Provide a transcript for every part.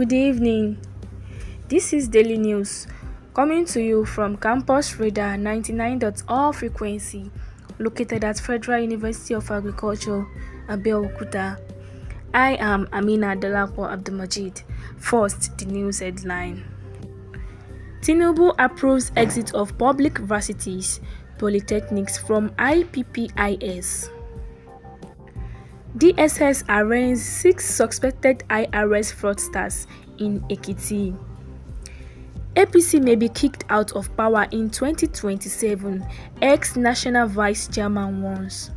Good evening. This is Daily News coming to you from Campus Radar 99.0 frequency located at Federal University of Agriculture, Abeokuta. I am Amina Dalapo Abdulmajid. First, the news headline. Tinubu approves exit of public varsities, polytechnics from IPPIS. DSS arraigns six suspected IRS fraudsters in Ekiti. APC may be kicked out of power in 2027, ex national vice chairman warns.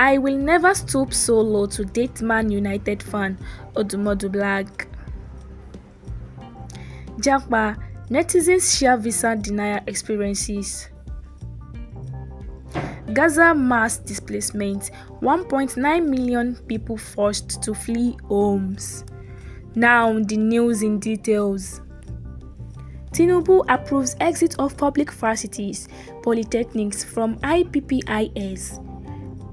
I will never stoop so low to date Man United fan Odumodu Black. Jackpa, netizens share visa denial experiences. Gaza mass displacement 1.9 million people forced to flee homes. Now, the news in details. Tinubu approves exit of public facilities, polytechnics from IPPIS.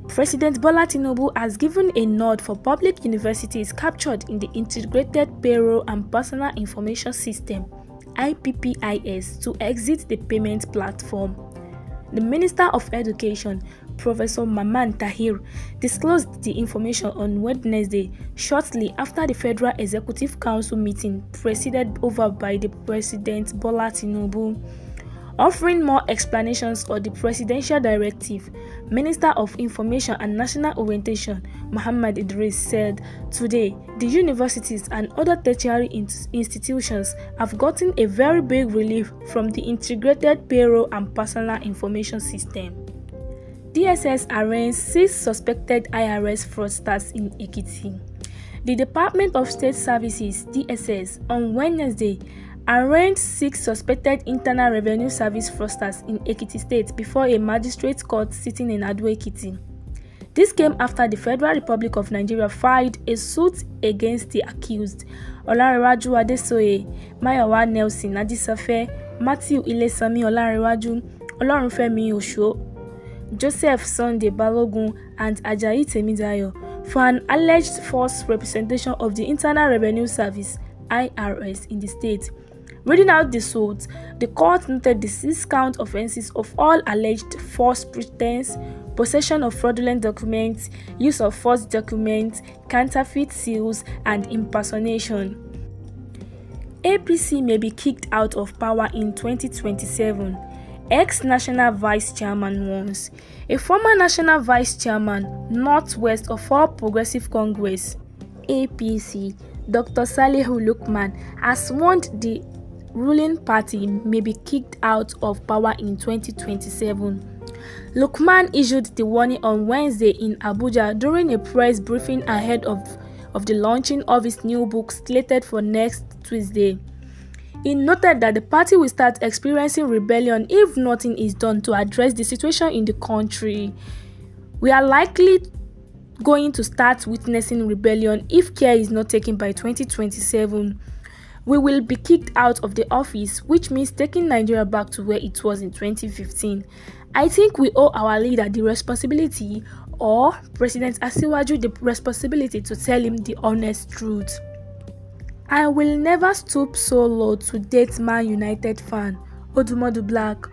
President Bola Tinubu has given a nod for public universities captured in the Integrated Payroll and Personal Information System IPPIS to exit the payment platform. The Minister of Education, Professor Maman Tahir, disclosed the information on Wednesday, shortly after the Federal Executive Council meeting presided over by the President Bola Tinubu offering more explanations on the presidential directive, Minister of Information and National Orientation Muhammad Idris said, Today, the universities and other tertiary in- institutions have gotten a very big relief from the integrated payroll and personal information system. DSS arraigned six suspected IRS fraudsters in Ekiti. The Department of State Services, DSS, on Wednesday arraigned six suspected internal revenue service fraudsters in Ekiti State before a magistrate court sitting in Ado-Ekiti. This came after the Federal Republic of Nigeria filed a suit against the accused, Olarewaju Adesoye, Mayowa Nelson Adisafe, Matthew Ilesami Olarewaju, Olorunfemi Osho, Joseph Sunday Balogun, and Ajayi Temidayo for an alleged false representation of the Internal Revenue Service, IRS, in the state Reading out the suits, the court noted the six count offenses of all alleged false pretense, possession of fraudulent documents, use of false documents, counterfeit seals, and impersonation. APC may be kicked out of power in 2027 ex national vice chairman warns. a former national vice chairman, northwest of All Progressive Congress, APC, Dr. Saleh Lukman, has warned the ruling party may be kicked out of power in 2027. Lukman issued the warning on Wednesday in Abuja during a press briefing ahead of, of the launching of his new book slated for next Tuesday. He noted that the party will start experiencing rebellion if nothing is done to address the situation in the country. We are likely going to start witnessing rebellion if care is not taken by 2027. We will be kicked out of the office, which means taking Nigeria back to where it was in 2015. I think we owe our leader the responsibility, or President Asiwaju the responsibility, to tell him the honest truth. I will never stoop so low to date Man United fan, Odumodu Black.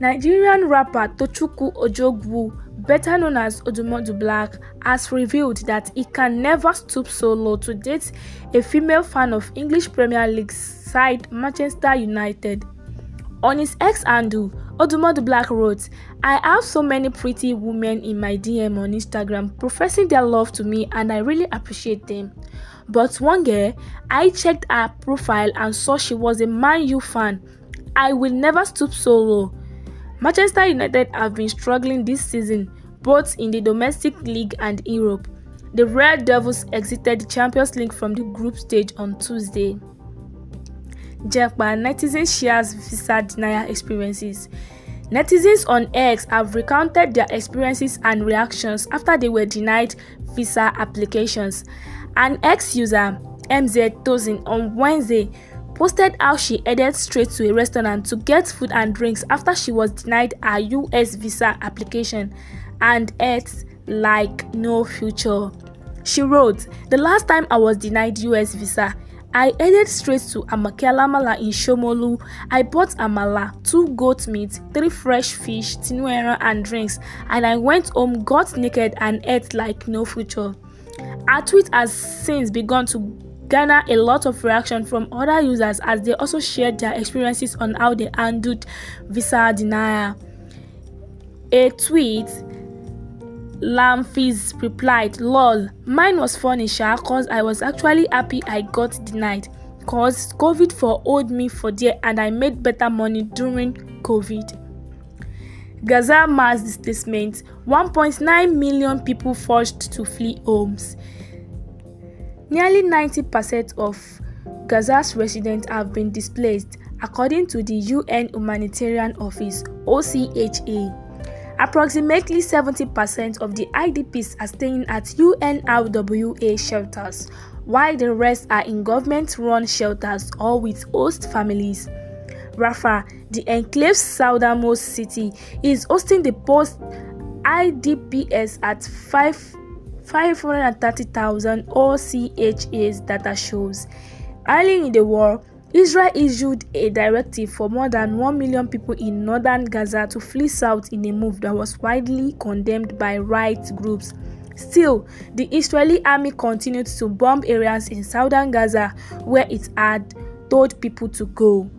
Nigerian rapper Tochukwu Ojogwu better known as Odumodu Black, has revealed that he can never stoop so low to date a female fan of English Premier League side Manchester United. On his ex handle, Odumodu Black wrote, I have so many pretty women in my DM on Instagram professing their love to me and I really appreciate them. But one girl, I checked her profile and saw she was a Man U fan. I will never stoop so low. Manchester United have been struggling this season both in the domestic league and Europe. The Red Devils exited the Champions League from the group stage on Tuesday. Japan netizen shares visa denial experiences. Netizens on X have recounted their experiences and reactions after they were denied visa applications. An ex user, MZ Tozin, on Wednesday posted how she headed straight to a restaurant to get food and drinks after she was denied her US visa application and ate like no future. She wrote, The last time I was denied US visa, I headed straight to Amakelamala in Shomolu. I bought amala, two goat meat, three fresh fish, tinuera and drinks, and I went home, got naked and ate like no future. Her tweet has since begun to garnered a lot of reaction from other users as they also shared their experiences on how they handled visa denial. A tweet Lamfiz replied, lol, mine was funny sha cause I was actually happy I got denied cause COVID for me for there and I made better money during COVID. Gaza mass displacement 1.9 million people forced to flee homes. Nearly 90% of Gaza's residents have been displaced, according to the UN Humanitarian Office (OCHA). Approximately 70% of the IDPs are staying at UNRWA shelters, while the rest are in government run shelters or with host families. Rafah, the enclave's southernmost city, is hosting the post IDPs at 5 530,000 OCHA's data shows. Early in the war, Israel issued a directive for more than 1 million people in northern Gaza to flee south in a move that was widely condemned by rights groups. Still, the Israeli army continued to bomb areas in southern Gaza where it had told people to go.